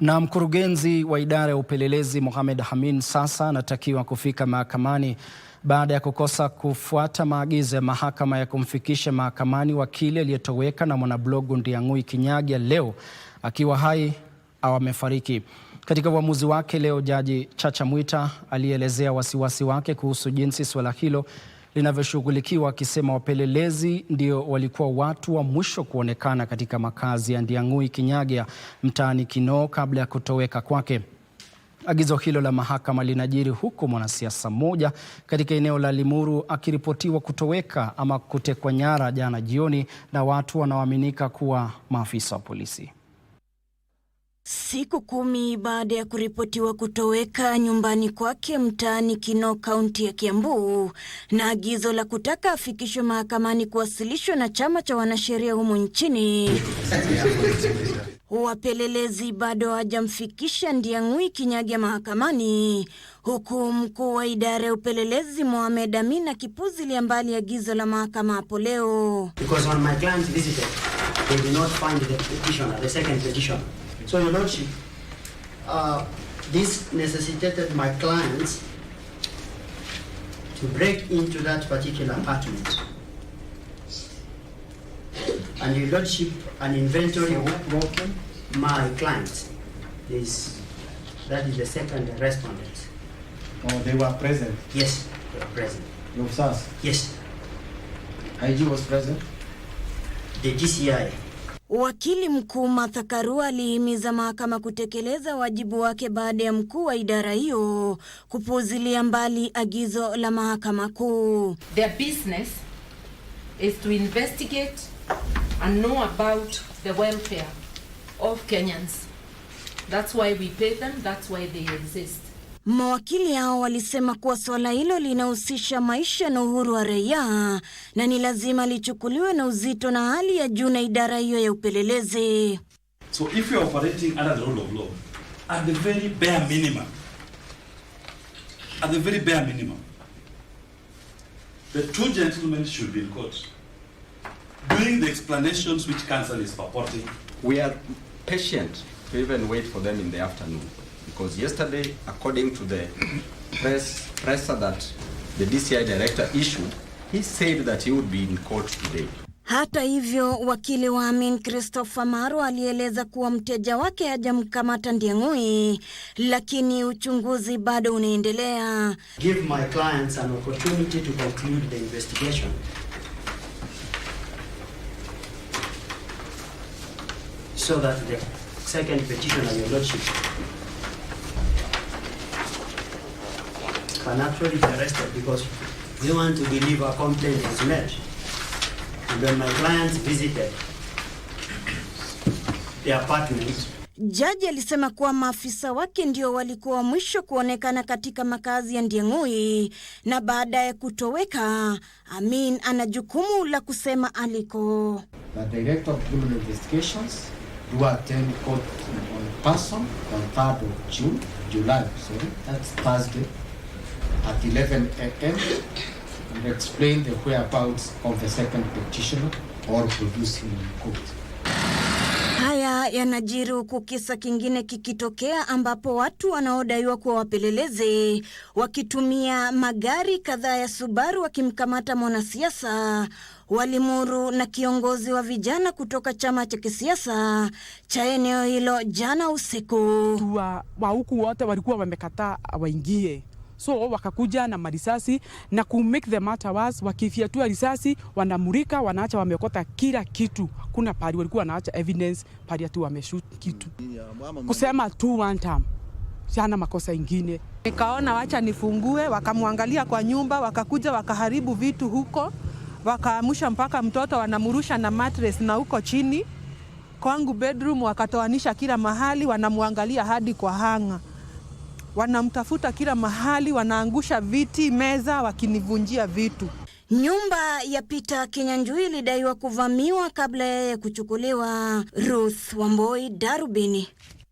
Na mkurugenzi wa idara ya upelelezi Mohamed hamin sasa anatakiwa kufika mahakamani baada ya kukosa kufuata maagizo ya mahakama ya kumfikisha mahakamani wakili aliyetoweka na mwanablogu Ndiang'ui Kinyagia leo akiwa hai au amefariki. Katika uamuzi wake leo, Jaji Chacha Mwita alielezea wasiwasi wake kuhusu jinsi suala hilo linavyoshughulikiwa, akisema wapelelezi ndio walikuwa watu wa mwisho kuonekana katika makazi ya Ndiang'ui Kinyagia mtaani Kinoo kabla ya kutoweka kwake. Agizo hilo la mahakama linajiri huku mwanasiasa mmoja katika eneo la Limuru akiripotiwa kutoweka ama kutekwa nyara jana jioni na watu wanaoaminika kuwa maafisa wa polisi. Siku kumi baada ya kuripotiwa kutoweka nyumbani kwake mtaani Kinoo, kaunti ya Kiambu, na agizo la kutaka afikishwe mahakamani kuwasilishwa na chama cha wanasheria humo nchini, wapelelezi bado hawajamfikisha Ndiang'ui Kinyagia mahakamani, huku mkuu wa idara ya upelelezi Mohamed Amina akipuzilia mbali agizo la mahakama hapo leo. So, Your Lordship, uh, this necessitated my clients to break into that particular apartment. And Your Lordship, an inventory walk-in. my clients is that is the second respondent. Oh, they were present? Yes, they were present. Your sons. Yes. IG was present? The DCI. Wakili mkuu Martha Karua alihimiza mahakama kutekeleza wajibu wake baada ya mkuu wa idara hiyo kupuuzilia mbali agizo la mahakama kuu. Their business is to investigate and know about the welfare of Kenyans. That's why we pay them, that's why they exist. Mawakili hao walisema kuwa suala hilo linahusisha maisha na uhuru wa raia na ni lazima lichukuliwe na uzito na hali ya juu na idara hiyo ya upelelezi. So if you are operating under the rule of law, at the very bare minimum, at the very bare minimum, the two gentlemen should be in court doing the explanations which counsel is purporting. We are patient to even wait for them in the afternoon because yesterday, according to the press presser that the DCI director issued, he said that he would be in court today. Hata hivyo wakili wa Amin Christopher Maro alieleza kuwa mteja wake hajamkamata Ndiang'ui, lakini uchunguzi bado unaendelea. Give my clients an opportunity to conclude the investigation. So that the second petitioner, your lordship can actually be arrested because they want to believe a complaint is made. And when my clients visited the apartment, Jaji alisema kuwa maafisa wake ndio walikuwa wa mwisho kuonekana katika makazi ya ndiengui na baadaye kutoweka. Amin ana jukumu la kusema aliko. The at 11 a.m. and explain the whereabouts of the second petitioner or produce him in court. Haya yanajiri huku kisa kingine kikitokea ambapo watu wanaodaiwa kuwa wapelelezi wakitumia magari kadhaa ya Subaru wakimkamata mwanasiasa walimuru na kiongozi wa vijana kutoka chama cha kisiasa cha eneo hilo jana usiku. Wa huku wote walikuwa wamekataa waingie So wakakuja na marisasi na ku make the matter worse, wakifyatua risasi wanamurika, wanaacha wamekota kila kitu. Kuna pali walikuwa wanaacha evidence pali tu wameshoot kitu, kusema tu one time sana makosa ingine. Nikaona wacha nifungue, wakamwangalia kwa nyumba, wakakuja wakaharibu vitu huko, wakaamusha mpaka mtoto wanamurusha na mattress na huko chini kwangu bedroom wakatoanisha kila mahali, wanamwangalia hadi kwa hanga wanamtafuta kila mahali, wanaangusha viti, meza, wakinivunjia vitu. Nyumba ya Peter Kinyanjui ilidaiwa kuvamiwa kabla yeye kuchukuliwa. Ruth Wamboi, Darubini.